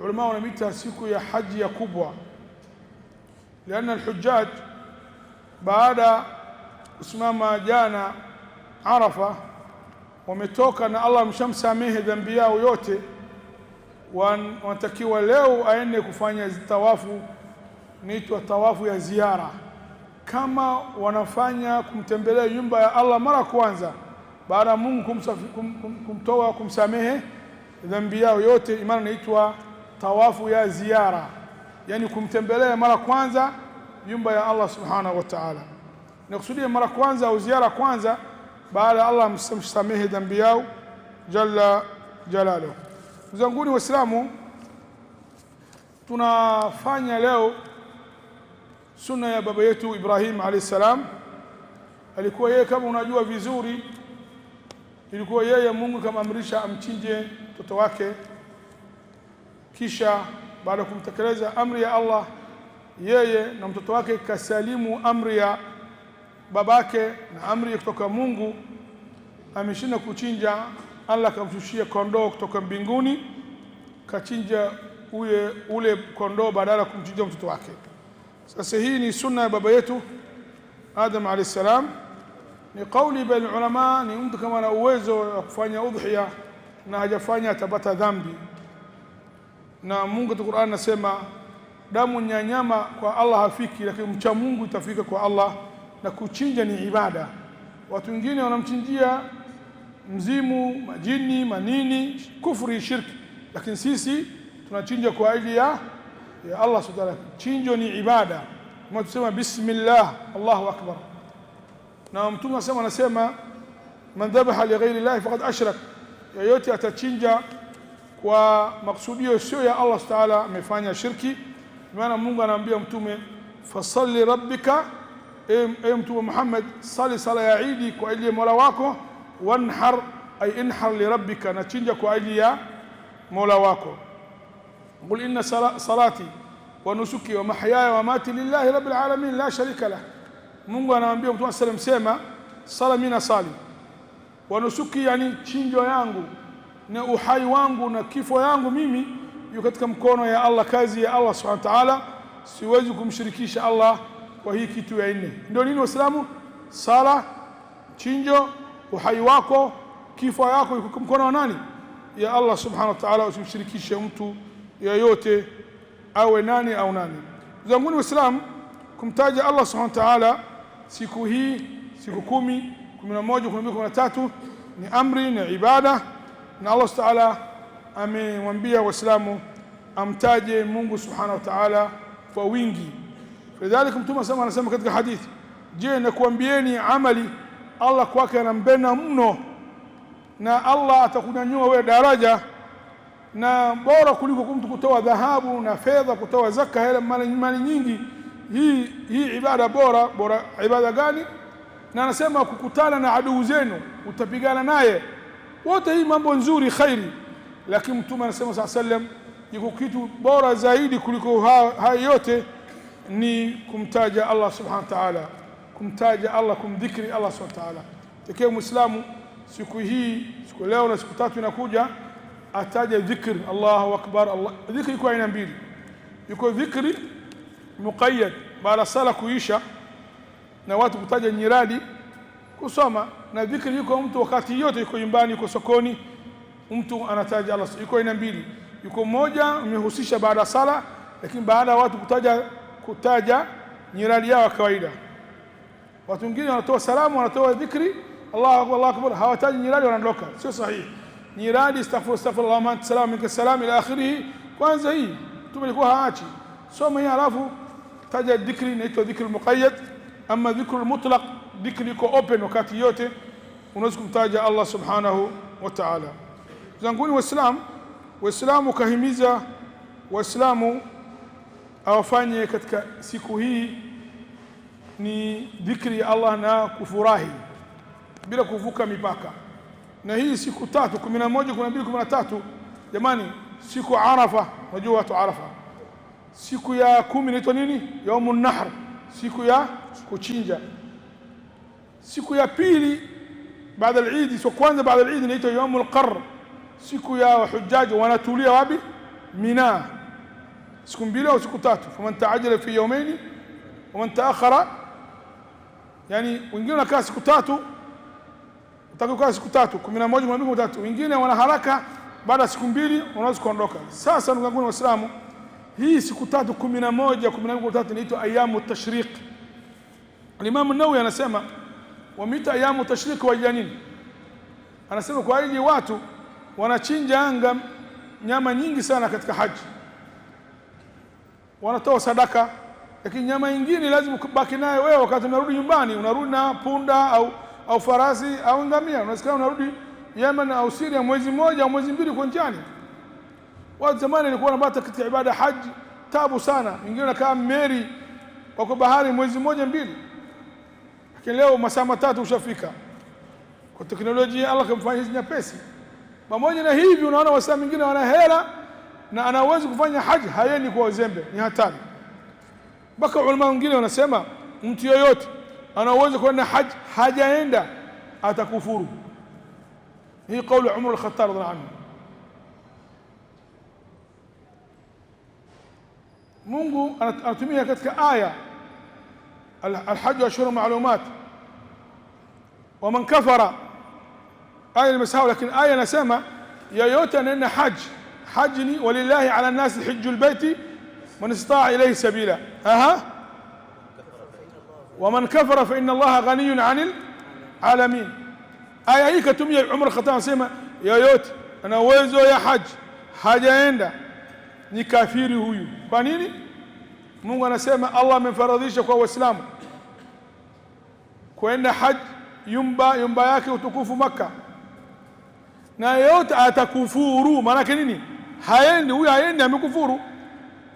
Ulama wanamita siku ya haji ya kubwa, lianna alhujaj baada kusimama jana Arafa wametoka na Allah amshamsamehe dhambi yao yote, wanatakiwa leo aende kufanya tawafu, naitwa tawafu ya ziara, kama wanafanya kumtembelea nyumba ya Allah mara kwanza baada ya Mungu kumtoa kumsamehe dhambi yao yote, imani naitwa tawafu ya ziara, yani kumtembelea mara kwanza nyumba ya Allah subhanahu wa ta'ala. Nakusudia mara kwanza au ziara kwanza baada ya Allah amsamehe dhambi yao jalla jalaluhu. Mzanguni Waislamu, tunafanya leo sunna ya baba yetu Ibrahim alayhi salam. Alikuwa yeye kama unajua vizuri, ilikuwa yeye Mungu kama amrisha amchinje mtoto wake kisha baada ya kumtekeleza amri ya Allah, yeye na mtoto wake kasalimu amri ya babake na amri kutoka Mungu, ameshinda kuchinja. Allah akamshushia kondoo kutoka mbinguni, kachinja uye, ule kondoo badala ya kumchinja mtoto wake. Sasa hii ni sunna ya baba yetu Adam alayhi salam. Ni kauli baina ulama, ni mtu kama ana uwezo wa kufanya udhiya na hajafanya atapata dhambi na Mungu katika Qur'an anasema damu ya nyama kwa Allah hafiki, lakini mcha Mungu itafika kwa Allah, na kuchinja ni ibada. Watu wengine wanamchinjia mzimu, majini, manini, kufuri, shirki, lakini sisi tunachinja kwa ajili ya ya Allah subhanahu wa ta'ala. Chinjo ni ibada, kama tusema bismillah, Allahu akbar. Na Mtume anasema man dhabaha li ghairi llahi faqad ashrak, yoyote atachinja kwa makusudio sio ya Allah taala amefanya shirki. Maana Mungu anaambia mtume fasalli rabbika, e, e mtume Muhammad, sali sala ya idi kwa ajili ya mola wako, wanhar ay inhar li rabbika, na chinja kwa ajili ya mola wako. Qul inna salati wa nusuki wa mahyaya wa mati lillahi rabbil alamin la sharika lah. Mungu anaambia mtume sallam, sema sala mina sali wa nusuki, yani chinjo yangu na uhai wangu na kifo yangu mimi yu katika mkono ya Allah, kazi ya Allah subhanahu wa ta'ala, siwezi kumshirikisha Allah kwa hii kitu ya nne. Ndio nini Waislamu? Sala, chinjo, uhai wako, kifo yako katika mkono wa nani? Ya Allah subhanahu wa ta'ala, usimshirikishe mtu yoyote, awe nani au nani. Zanguni Waislamu, kumtaja Allah subhanahu wa ta'ala siku hii, siku kumi, kumi na moja, kumi na mbili, kumi na tatu ni amri na ibada na Allah taala amemwambia Waislamu amtaje Mungu subhanahu wa taala kwa wingi. Lidhalika Mtume sama anasema katika hadithi, je, nakuambieni amali Allah kwake anambena mno, na Allah atakunyanyua wewe daraja na bora kuliko mtu kutoa dhahabu na fedha, kutoa zaka, hela, mali nyingi. Hii hii ibada bora bora, ibada gani? Na anasema kukutana na aduu zenu, utapigana naye wote hii mambo nzuri khairi, lakini Mtume anasema saa sallam, iko kitu bora zaidi kuliko haya yote ni kumtaja Allah subhanahu wa ta'ala, kumtaja Allah, kumdhikri Allah subhanahu wa ta'ala. Tekee Muislamu siku hii, siku leo na siku tatu inakuja, ataje dhikr Allahu akbar. Allah dhikri kwa aina mbili, iko dhikri muqayyad baada sala kuisha na watu kutaja nyiradi kusoma na dhikri yuko mtu wakati yote, yuko nyumbani, yuko sokoni, mtu anataja Allah. Yuko aina mbili, yuko mmoja umehusisha baada ya sala, lakini baada ya watu kutaja kutaja nyirali yao kawaida. Watu wengine wanatoa salamu, wanatoa dhikri, Allahu akbar, Allahu akbar, hawataji nyirali, wanaondoka. Sio sahihi. Nyirali, astaghfirullah, astaghfirullah, ma anta salamu minka salam ila akhirih. Kwanza hii mtume alikuwa haachi, soma hii, alafu taja dhikri, inaitwa dhikri muqayyad. Ama dhikri mutlaq dhikri iko open wakati yote, unaweza kumtaja Allah subhanahu wa ta'ala. Zanguni Waislamu, Waislamu kahimiza Waislamu awafanye katika siku hii ni dhikri ya Allah na kufurahi bila kuvuka mipaka. Na hii siku tatu, kumi na moja, kumi na mbili, kumi na tatu. Jamani, siku Arafa, unajua watu Arafa, siku ya kumi inaitwa nini? yaumu Nahr, siku ya kuchinja siku ya pili baada al-Eid, so kwanza baada al-Eid inaitwa yaumul qarr, siku ya wahujaji wanatulia wapi? Mina, siku mbili au siku tatu. Faman taajjala fi yawmayn wa man taakhara, yani wengine wanakaa siku tatu, utakaa siku tatu, 11 mwambie tatu, wengine wana haraka, baada ya siku mbili wanaweza kuondoka. Sasa ndugu zangu Waislamu, hii siku tatu 11 12 13 inaitwa ayamu tashriq. Al-Imam an-Nawawi anasema wameita ayamu tashriki waijanini. Anasema kwa ajili watu wanachinja anga nyama nyingi sana katika haji, wanatoa sadaka, lakini nyama nyingine lazima kubaki naye wewe. Wakati unarudi nyumbani, unarudi na punda au, au farasi au ngamia. Unasikia, unarudi Yemen au Syria mwezi mmoja au mwezi mbili kwa njiani. Watu zamani walikuwa wanapata katika ibada haji tabu sana, wengine wanakaa Meri wako bahari mwezi mmoja mbili leo masaa matatu ushafika kwa teknolojia. Allah kamfanya hizi nyepesi. Pamoja na hivi, unaona wasaa mingine wana hela na anaweza kufanya haji, hayeni kwa wazembe, ni hatari. Mpaka ulama wengine wanasema mtu yoyote anaweza kwenda haji hajaenda atakufuru. Hii kauli ya Umar al-Khattab radhiallahu anhu. Mungu anatumia katika aya alhaji ashhuru maalumat ومن كفر آية المساوى لكن آية يا يوتن أن حج حجني ولله على الناس حج البيت من استطاع إليه سبيلا أها ومن كفر فإن الله غني عن العالمين آية هيك تمي عمر خطان سيما يا يوت أنا ويزو يا حج حاجة عند نكافير هو بنيني مو أنا الله من فرضيشك هو إسلام كوين حج yumba yumba yake utukufu Makka, na yote atakufuru. Maanake nini? Haendi huyo, haendi, amekufuru.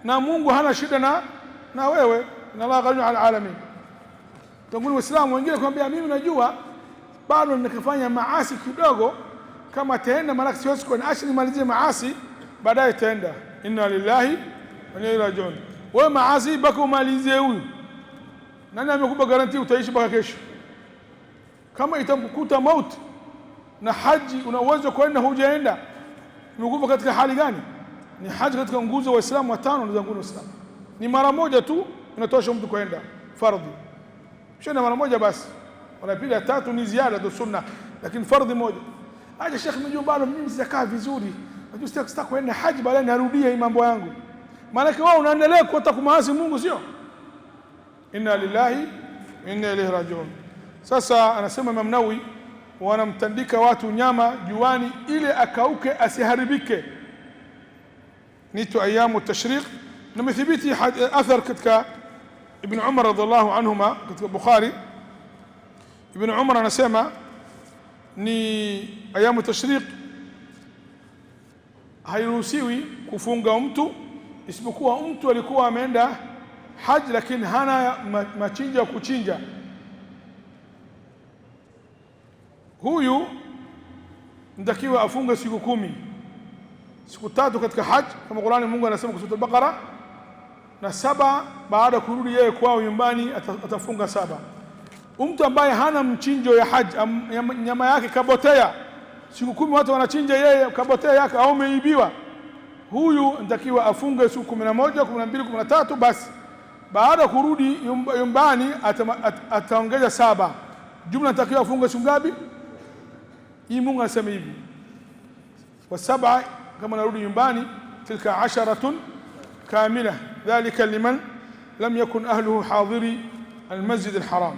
Na Mungu hana shida na na wewe, na Allah ghaniyun ala alamin. Tanguni Waislamu wengine kwambia, mimi najua bado nikifanya maasi kidogo, kama taenda, maanake siwezi kwa ashri nimalizie maasi, baadaye taenda. Inna lillahi wa inna ilaihi rajiun. Wewe maasi bako malizie, Huyu nani amekupa garanti utaishi mpaka kesho? Kama itamkukuta mauti na haji una uwezo kwenda, hujaenda, umekufa katika hali gani? Ni haji katika nguzo wa Uislamu watano, ndugu zangu Waislamu, ni mara moja tu inatosha mtu kwenda fardhi, shenda mara moja basi, wanapiga tatu ni ziada tu sunna, lakini fardhi moja. Aje Sheikh, mjua bado mimi sijakaa vizuri, najua sitaki kwenda haji, baadaye narudia hii mambo yangu. Maanake wewe unaendelea kuota kumaasi Mungu, sio? Inna lillahi inna ilaihi rajiun. Sasa anasema Imam Nawawi, wanamtandika watu nyama juani ile akauke asiharibike, nito ayamu tashriq. Na imethibiti athar katika Ibn Umar radhiallahu anhuma katika Bukhari. Ibn Umar anasema ni ayamu tashriq hairuhusiwi kufunga mtu isipokuwa mtu alikuwa ameenda haji, lakini hana machinja ya kuchinja huyu nitakiwa afunge siku kumi siku tatu katika haji kama Qur'ani Mungu anasema kusura Bakara, na saba baada ya kurudi yeye kwao nyumbani atafunga saba. Mtu ambaye hana mchinjo ya haji, nyama yake kabotea, siku kumi watu wanachinja, yeye kabotea yake au ameibiwa, huyu ntakiwa afunge siku kumi na moja, kumi na mbili, kumi na tatu. Basi baada ya kurudi nyumbani ataongeza saba. Jumla nitakiwa afunge siku ngapi? hii Mungu anasema hivi wasaba, kama narudi nyumbani, tilka asharatun kamila dhalika liman lam yakun ahluhu hadiri almasjid alharam.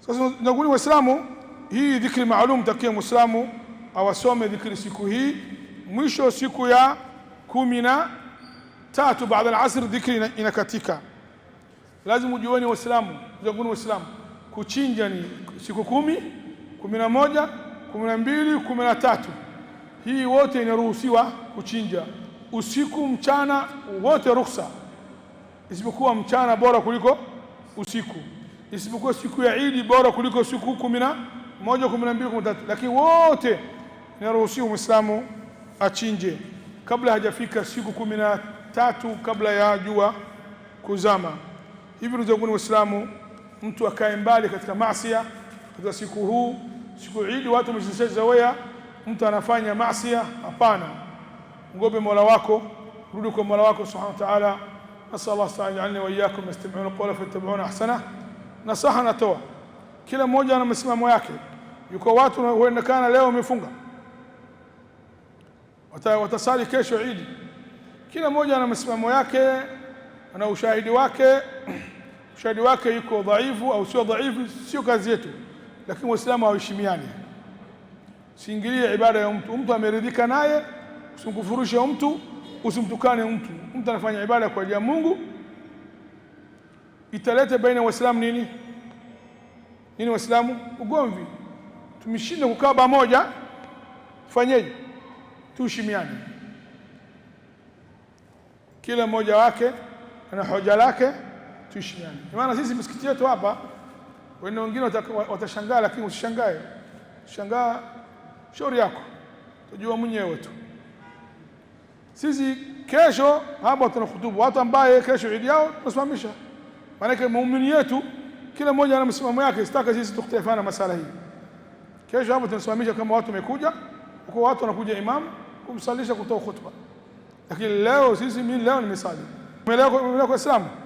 Sasa naguni Waislamu, hii dhikri maalum takia mwislamu awasome dhikri siku hii mwisho siku ya kumi na tatu baada ya asr, dhikri inakatika. Lazima ujueni Waislamu, naguni Waislamu, kuchinja ni siku kumi kumi na moja kumi na mbili kumi na tatu Hii wote inaruhusiwa kuchinja usiku mchana wote ruksa, isipokuwa mchana bora kuliko usiku, isipokuwa siku ya Idi bora kuliko siku kumi na moja kumi na mbili kumi na tatu Lakini wote inaruhusiwa mwislamu achinje kabla hajafika siku kumi na tatu kabla ya jua kuzama. Hivi ndugu zangu Waislamu, mtu akae mbali katika maasi katika siku huu siku Idi watu wameshazawea, mtu anafanya maasi. Hapana, ngobe mola wako, rudi kwa mola wako subhanahu wa ta'ala. Nasal Allah ta'ala wa iyyakum yastami'una qawla fayattabi'una ahsana. Nasaha natoa kila mmoja ana msimamo yake. Yuko watu huonekana leo wamefunga, watasali kesho Idi. Kila mmoja ana msimamo yake na ushahidi wake. Ushahidi wake yuko dhaifu au sio dhaifu, sio kazi yetu lakini Waislamu hawaheshimiani. Siingilie ibada ya mtu, mtu ameridhika naye, usimkufurushe mtu, usimtukane mtu. Mtu anafanya ibada kwa ajili ya Mungu, italete baina ya Waislamu nini nini, Waislamu ugomvi. Tumeshinda kukaa pamoja, fanyeje? Tuheshimiane, kila mmoja wake ana hoja lake, tuheshimiane. Maana sisi msikiti yetu hapa Wene wengine watashangaa, lakini usishangae. Shangaa shauri yako, utajua mwenyewe tu. Sisi kesho hapa tunahutubu watu ambaye kesho idi yao tunasimamisha, maanake muumini yetu kila mmoja ana msimamo yake, sitaka sisi tukhtalifiana masala hii. Kesho hapo tunasimamisha kama watu wamekuja uko, watu wanakuja imamu kumsalisha, kutoa khutba, lakini leo sisi, mimi leo nimesali kwa Islamu